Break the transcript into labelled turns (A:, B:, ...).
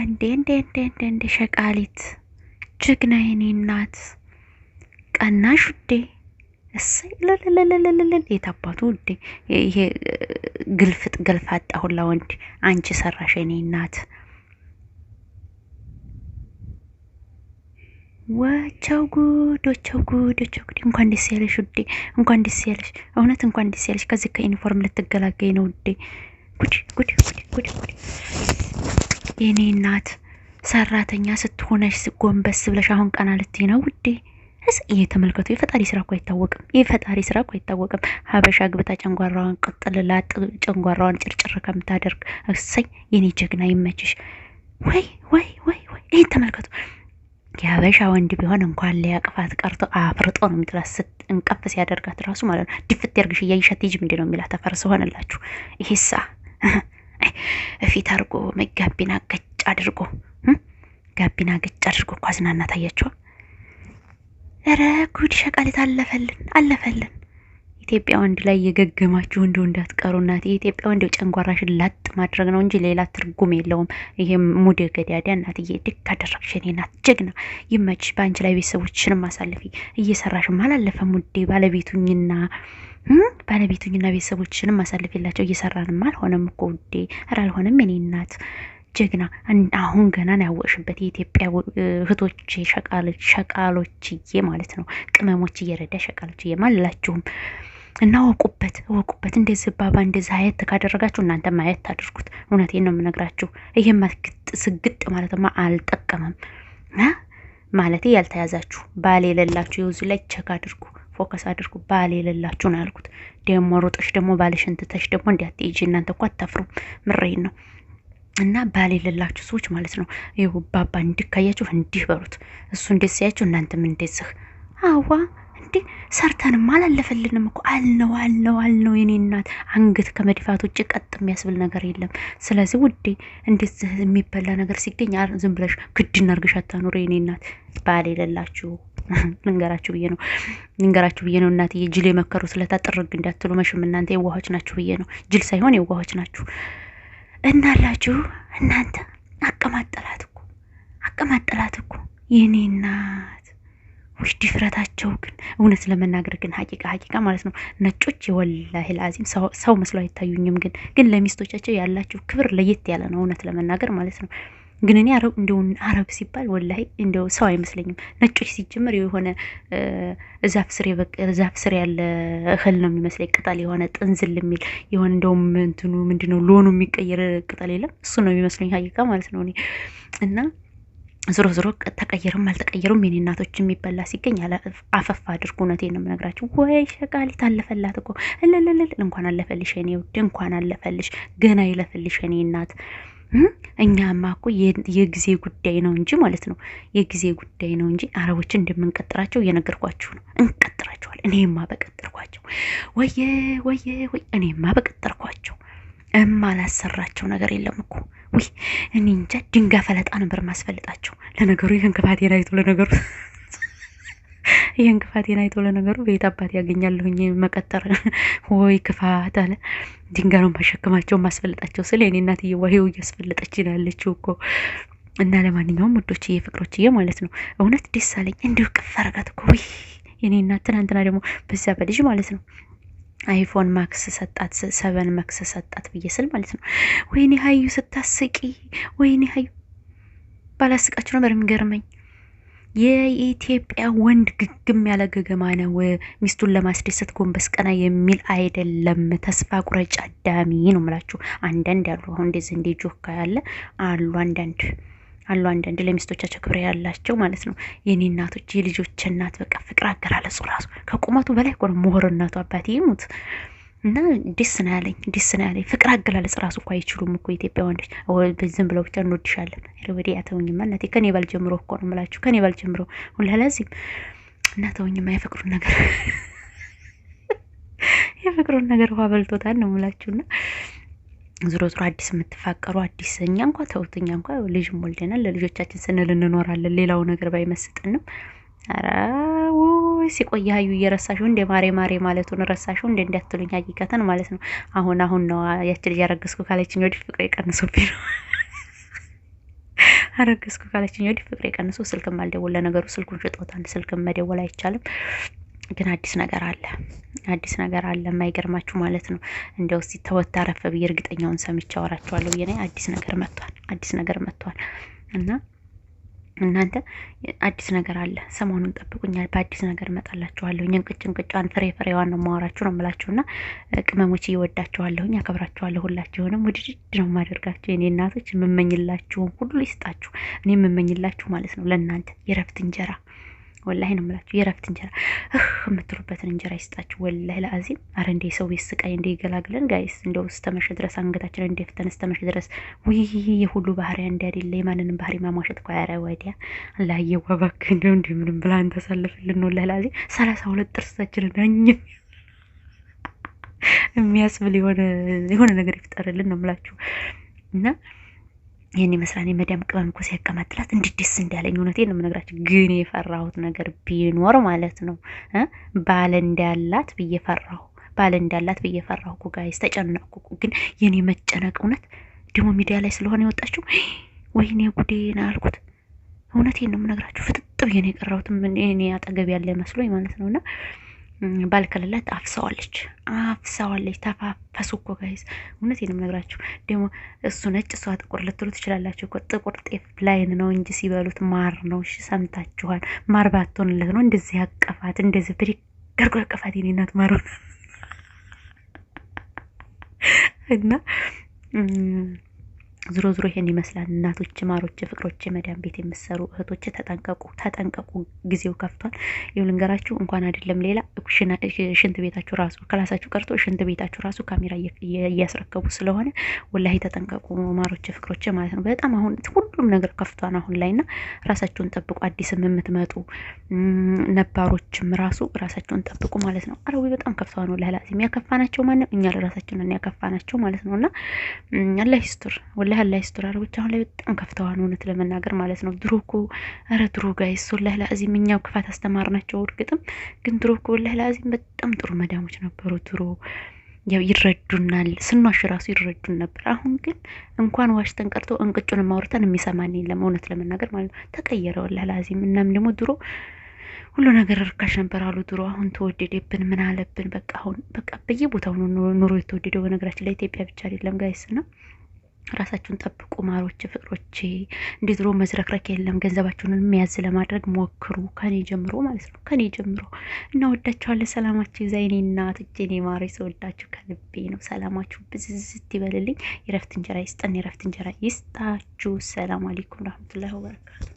A: እንዴ እንዴ እንዴ እንዴ እንዴ ሸቃሊት ጀግና የኔ እናት ቀናሽ ውዴ እሰይ ለለለለለለል የታባቱ ውዴ ይሄ ግልፍጥ ገልፋጣ ሁላ ወንድ አንቺ ሰራሽ የኔ እናት ወቸው ጉድ ወቸው ጉድ ወቸው ጉድ እንኳን ደስ ያለሽ ውዴ እንኳን ደስ ያለሽ እውነት እንኳን ደስ ያለሽ ከዚህ ከዩኒፎርም ልትገላገይ ነው ውዴ ጉድ ጉድ ጉድ ጉድ የኔ እናት ሰራተኛ ስትሆነሽ ጎንበስ ብለሽ አሁን ቀና ልትይ ነው ውዴ። እስ እየተመልከቱ የፈጣሪ ስራ እኮ አይታወቅም። የፈጣሪ ስራ እኮ አይታወቅም። ሀበሻ ግብታ ጨንጓራዋን ቅጥልላ ጨንጓራዋን ጭርጭር ከምታደርግ እሰይ፣ የኔ ጀግና ይመችሽ። ወይ ወይ ወይ ወይ! ይህን ተመልከቱ። የሀበሻ ወንድ ቢሆን እንኳን ሊያቅፋት ቀርቶ አፍርጦ ነው የሚጥላት። እንቀፍ ሲያደርጋት ራሱ ማለት ነው ድፍት ያርግሽ እያይሻት ይጅ ምንድ ነው የሚላት? አፈር ስሆንላችሁ ይሄሳ እፊት አድርጎ ጋቢና ገጭ አድርጎ ጋቢና ገጭ አድርጎ እኮ አዝናና ታያቸዋል። ኧረ ጉድ ሸቃሊት አለፈልን አለፈልን። ኢትዮጵያ ወንድ ላይ የገገማችሁ እንደው እንዳትቀሩ እናቴ። የኢትዮጵያ ወንድ ጨንጓራሽን ላጥ ማድረግ ነው እንጂ ሌላ ትርጉም የለውም። ይሄም ሙድ ገዳዳ እናትዬ፣ ድክ አደረግሽ። እኔ ናት ጀግና፣ ይመች። በአንቺ ላይ ቤተሰቦችሽንም አሳልፊ እየሰራሽም አላለፈም ውዴ ባለቤቱኝና ባለቤቱኝና ቤተሰቦችንም ማሳልፍ የላቸው እየሰራንም አልሆነም እኮ ውዴ፣ ኧረ አልሆነም የኔ እናት ጀግና። አሁን ገና ነው ያወቅሽበት። የኢትዮጵያ ሸቃሎች ሸቃሎችዬ ማለት ነው ቅመሞች እየረዳ ሸቃሎችዬ አላችሁም እና ወቁበት ወቁበት። እንደዚህ ባባ እንደዚህ አየት ካደረጋችሁ እናንተ ማየት አድርጉት። እውነቴን ነው የምነግራችሁ። ይሄ ስግጥ ማለትማ አልጠቀመም ማለት ያልተያዛችሁ ባል የሌላችሁ የውዙ ላይ ቸክ አድርጉ። ፎከስ አድርጉ። ባል የሌላችሁ ነው ያልኩት። ደግሞ ሮጠሽ ደግሞ ባልሽን ትተሽ ደግሞ እንዲያትጂ እናንተ እኮ አታፍሩ። ምሬን ነው እና ባል የሌላችሁ ሰዎች ማለት ነው። ይሁ ባባ እንዲካያችሁ እንዲህ በሉት። እሱ እንዴት ሲያችሁ እናንተም እንደዚህ አዋ እንዴ ሰርተንም አላለፈልንም እኮ አልነው አልነው አልነው። የኔ እናት አንገት ከመድፋት ውጭ ቀጥ የሚያስብል ነገር የለም። ስለዚህ ውዴ እንዴት የሚበላ ነገር ሲገኝ ዝም ብለሽ ግድና እርግሻታ ኑሮ የኔ እናት ባል የሌላችሁ ልንገራችሁ ብዬ ነው ልንገራችሁ ብዬ ነው እናትዬ ጅል የመከሩ ስለታ ጥርግ እንዳትሉ መሽም እናንተ የዋሆች ናችሁ ብዬ ነው። ጅል ሳይሆን የዋሆች ናችሁ እናላችሁ እናንተ አቀማጠላት እኮ አቀማጠላት እኮ የኔ እናት ውሽ ድፍረታቸው ግን እውነት ለመናገር ግን ሀቂቃ ሀቂቃ ማለት ነው ነጮች የወላሂ ልአዚም ሰው መስሎ አይታዩኝም። ግን ግን ለሚስቶቻቸው ያላችሁ ክብር ለየት ያለ ነው እውነት ለመናገር ማለት ነው። ግን እኔ አረብ እንደው አረብ ሲባል ወላሂ እንደው ሰው አይመስለኝም። ነጮች ሲጀምር የሆነ ዛፍ ስር ዛፍ ስር ያለ እህል ነው የሚመስለኝ ቅጠል የሆነ ጥንዝል የሚል የሆነ እንደውም እንትኑ ምንድነው ሎኑ የሚቀየር ቅጠል የለም እሱ ነው የሚመስለኝ ሀቂቃ ማለት ነው እኔ እና ዞሮ ዞሮ ተቀየርም አልተቀየሩም የኔ እናቶች የሚበላ ሲገኝ አፈፍ አድርጉ። እውነቴን ነው የምነግራቸው። ወይ ሸቃሊት አለፈላት እኮ እልልልል። እንኳን አለፈልሽ የኔ ውድ፣ እንኳን አለፈልሽ፣ ገና ይለፈልሽ የኔ እናት። እኛማ እኮ የጊዜ ጉዳይ ነው እንጂ ማለት ነው የጊዜ ጉዳይ ነው እንጂ አረቦችን እንደምንቀጥራቸው እየነገርኳችሁ ነው። እንቀጥራቸዋል። እኔማ በቀጠርኳቸው ወየ ወየ ወይ እኔማ በቀጠርኳቸው እማላሰራቸው ነገር የለም እኮ ውይ እኔ እንጃ። ድንጋ ፈለጣ ነበር ማስፈልጣቸው። ለነገሩ ይህን ክፋቴን የናይቶ ለነገሩ ይህን ክፋቴን የናይቶ ለነገሩ ቤት አባት ያገኛለሁኝ መቀጠር ወይ ክፋት አለ። ድንጋዩን ማሸክማቸው ማስፈልጣቸው ስለ እኔ እናትዬ ዋሄው እያስፈለጠች ይላለችው እኮ እና ለማንኛውም ውዶችዬ ፍቅሮችዬ ማለት ነው እውነት ደስ አለኝ። እንዲሁ ቅፍ አረጋት እኮ ወይ የኔ እናት። ትናንትና ደግሞ በዛ በልጅ ማለት ነው አይፎን ማክስ ሰጣት፣ ሰቨን መክስ ሰጣት ብዬ ስል ማለት ነው ወይኔ ሀዩ ስታስቂ፣ ወይኔ ሀዩ ባላስቃችሁ ነበር የሚገርመኝ። የኢትዮጵያ ወንድ ግግም ያለ ገገማ ነው። ሚስቱን ለማስደሰት ጎንበስ ቀና የሚል አይደለም። ተስፋ ቁረጭ አዳሚ ነው የምላችሁ። አንዳንድ ያሉ አሁን እንደዚህ እንደ ጆካ ያለ አሉ አንዳንድ አሉ አንዳንድ ለሚስቶቻቸው ክብር ያላቸው ማለት ነው። የኔ እናቶች፣ የልጆች እናት በቃ ፍቅር አገላለጹ ራሱ ከቁመቱ በላይ እኮ ነው። ምሁርነቱ አባቴ ይሙት እና ደስ ነው ያለኝ፣ ደስ ነው ያለኝ። ፍቅር አገላለጽ ራሱ እኮ አይችሉም እኮ ኢትዮጵያ ወንዶች። ዝም ብለው ብቻ እንወድሻለን ወዲያ ተውኝማ፣ እናቴ ከኔ ባል ጀምሮ እኮ ነው የምላችሁ፣ ከኔ ባል ጀምሮ ሁላ ለዚህም እና ተውኝማ፣ የፍቅሩን ነገር የፍቅሩን ነገር ውሃ በልቶታል ነው የምላችሁና ዝሮ ዝሮ አዲስ የምትፋቀሩ አዲስ እኛ እንኳ ተውት፣ እኛ እንኳ ልጅም ወልደናል፣ ለልጆቻችን ስንል እንኖራለን። ሌላው ነገር ባይመስጥንም ኧረ ወይስ የቆየ ሀዩ እየረሳሽው እንደ ማሬ ማሬ ማለቱን ረሳሽው እንደ እንዲያትሉኝ ሀቂቀትን ማለት ነው። አሁን አሁን ነው ያች ልጅ ያረገዝኩ ካለችኝ ወዲህ ፍቅሬ ቀንሶብኝ ነው። አረገዝኩ ካለችኝ ወዲህ ፍቅሬ ቀንሶ ስልክም አልደወል ለነገሩ ስልኩን ሽጦት አንድ ስልክም መደወል አይቻልም። ግን አዲስ ነገር አለ፣ አዲስ ነገር አለ። የማይገርማችሁ ማለት ነው። እንደው እስኪ ተወት አረፈ ብዬ እርግጠኛውን ሰምቼ አወራችኋለሁ ብዬ አዲስ ነገር መጥቷል፣ አዲስ ነገር መጥቷል እና እናንተ አዲስ ነገር አለ፣ ሰሞኑን ጠብቁኛል፣ በአዲስ ነገር እመጣላችኋለሁ። እንቅጭ እንቅጫን ፍሬ ፍሬዋን ነው የማወራችሁ ነው የምላችሁ። እና ቅመሞች እየወዳችኋለሁኝ፣ አከብራችኋለሁ። ሁላችሁንም ውድድድ ነው የማደርጋችሁ የኔ እናቶች። የምመኝላችሁን ሁሉ ይስጣችሁ። እኔ የምመኝላችሁ ማለት ነው ለእናንተ የረፍት እንጀራ ወላሂ ነው የምላችሁ። የረፍት እንጀራ የምትሉበትን እንጀራ ይስጣችሁ። ወላሂ ለአዚም አረ እንደ ሰው ቤት ስቃይ እንደ ይገላግለን ጋይስ። እንደው ስተመሸ ድረስ አንገታችን እንደፍተን ስተመሸ ድረስ ውይ የሁሉ ባህሪያ እንዲ አይደለ የማንንም ባህሪ ማሟሸት እኮ ወዲያ ላየ ዋባክ እንደው እንዲ ምንም ብላ እንተሳልፍልን ወላሂ ለአዚም ሰላሳ ሁለት ጥርሳችንን አኝ የሚያስብል የሆነ ነገር ይፍጠርልን ነው የምላችሁ እና ይህን ይመስላል። የመዳም ቅመም እኮ ሲያቀማጥላት እንዴት ደስ እንዳለኝ እውነቴን ነው የምነግራቸው። ግን የፈራሁት ነገር ቢኖር ማለት ነው ባለ እንዳላት ብዬ ፈራሁ። ባል እንዳላት ብዬ ፈራሁ እኮ ጋይስ፣ ተጨነቅኩ። ግን የኔ መጨነቅ እውነት ደግሞ ሚዲያ ላይ ስለሆነ የወጣችው ወይኔ ጉዴን አልኩት። እውነቴን ነው የምነግራችሁ። ፍጥጥ ብዬ ነው የቀረሁትም እኔ አጠገብ ያለ መስሎኝ ማለት ነው እና ባልከለላት አፍሰዋለች አፍሰዋለች። ተፋፈሱ እኮ ጋይዝ፣ እውነት ነው የምነግራችሁ። ደግሞ እሱ ነጭ እሷ ጥቁር ልትሉ ትችላላችሁ እኮ ጥቁር ጤፍ ላይን ነው እንጂ ሲበሉት ማር ነው። እሺ ሰምታችኋል። ማር ባትሆንለት ነው እንደዚህ ያቀፋት፣ እንደዚህ ብሪ ገርጎ ያቀፋት የኔ እናት ማር እና ዝሮ ዝሮ ይሄን ይመስላል። እናቶች፣ ማሮች፣ ፍቅሮች፣ መዳን ቤት የምትሰሩ እህቶች ተጠንቀቁ፣ ተጠንቀቁ። ጊዜው ከፍቷል። ይሁን ልንገራችሁ፣ እንኳን አይደለም ሌላ ሽንት ቤታችሁ ራሱ ክላሳችሁ ቀርቶ ሽንት ቤታችሁ ራሱ ካሜራ እያስረከቡ ስለሆነ ወላሂ ተጠንቀቁ ማሮች፣ ፍቅሮች ማለት ነው። በጣም አሁን ሁሉም ነገር ከፍቷል አሁን ላይ እና ራሳችሁን ጠብቁ። አዲስም የምትመጡ ነባሮችም ራሱ ራሳችሁን ጠብቁ ማለት ነው። አረዊ በጣም ከፍቷ ነው። ለላዚም ያከፋናቸው ማንም እኛ ለራሳችን ያከፋናቸው ማለት ነው እና አላህ ይስጥር። ሶላህ ላይ ስትራር ብቻ አሁን ላይ በጣም ከፍተዋል፣ እውነት ለመናገር ማለት ነው። ድሮ እኮ ኧረ ድሮ ጋይስ ሶላህ ለአዚም እኛው ክፋት ናቸው። እርግጥም ግን ድሮ እኮ ወላህ ለአዚም በጣም ጥሩ መዳሞች ነበሩ ድሮ ያው ይረዱናል። ስንዋሽ ራሱ ይረዱን ነበር። አሁን ግን እንኳን ዋሽተን ቀርቶ እንቅጩን ማውርተን የሚሰማን የለም፣ እውነት ለመናገር ማለት ነው። ተቀየረ ወላሂ ለአዚም። እናም ደግሞ ድሮ ሁሉ ነገር እርካሽ ነበር አሉ ድሮ። አሁን ተወደደብን፣ ምን አለብን። በቃ አሁን በቃ በየቦታው ኑሮ የተወደደው በነገራችን ላይ ኢትዮጵያ ብቻ አይደለም ጋይስ ነው። ራሳችሁን ጠብቁ ማሮች ፍቅሮቼ። እንደ ድሮ መዝረክረክ የለም። ገንዘባችሁን የሚያዝ ለማድረግ ሞክሩ፣ ከኔ ጀምሮ ማለት ነው። ከኔ ጀምሮ እና ወዳችኋለሁ። ሰላማችሁ ይዛ የኔ እናት እጄኔ ማሪ ሰወዳችሁ ከልቤ ነው። ሰላማችሁ ብዝዝት ይበልልኝ። የረፍት እንጀራ ይስጠን፣ የረፍት እንጀራ ይስጣችሁ። ሰላም አለይኩም ረህመቱላሂ ወበረካቱ።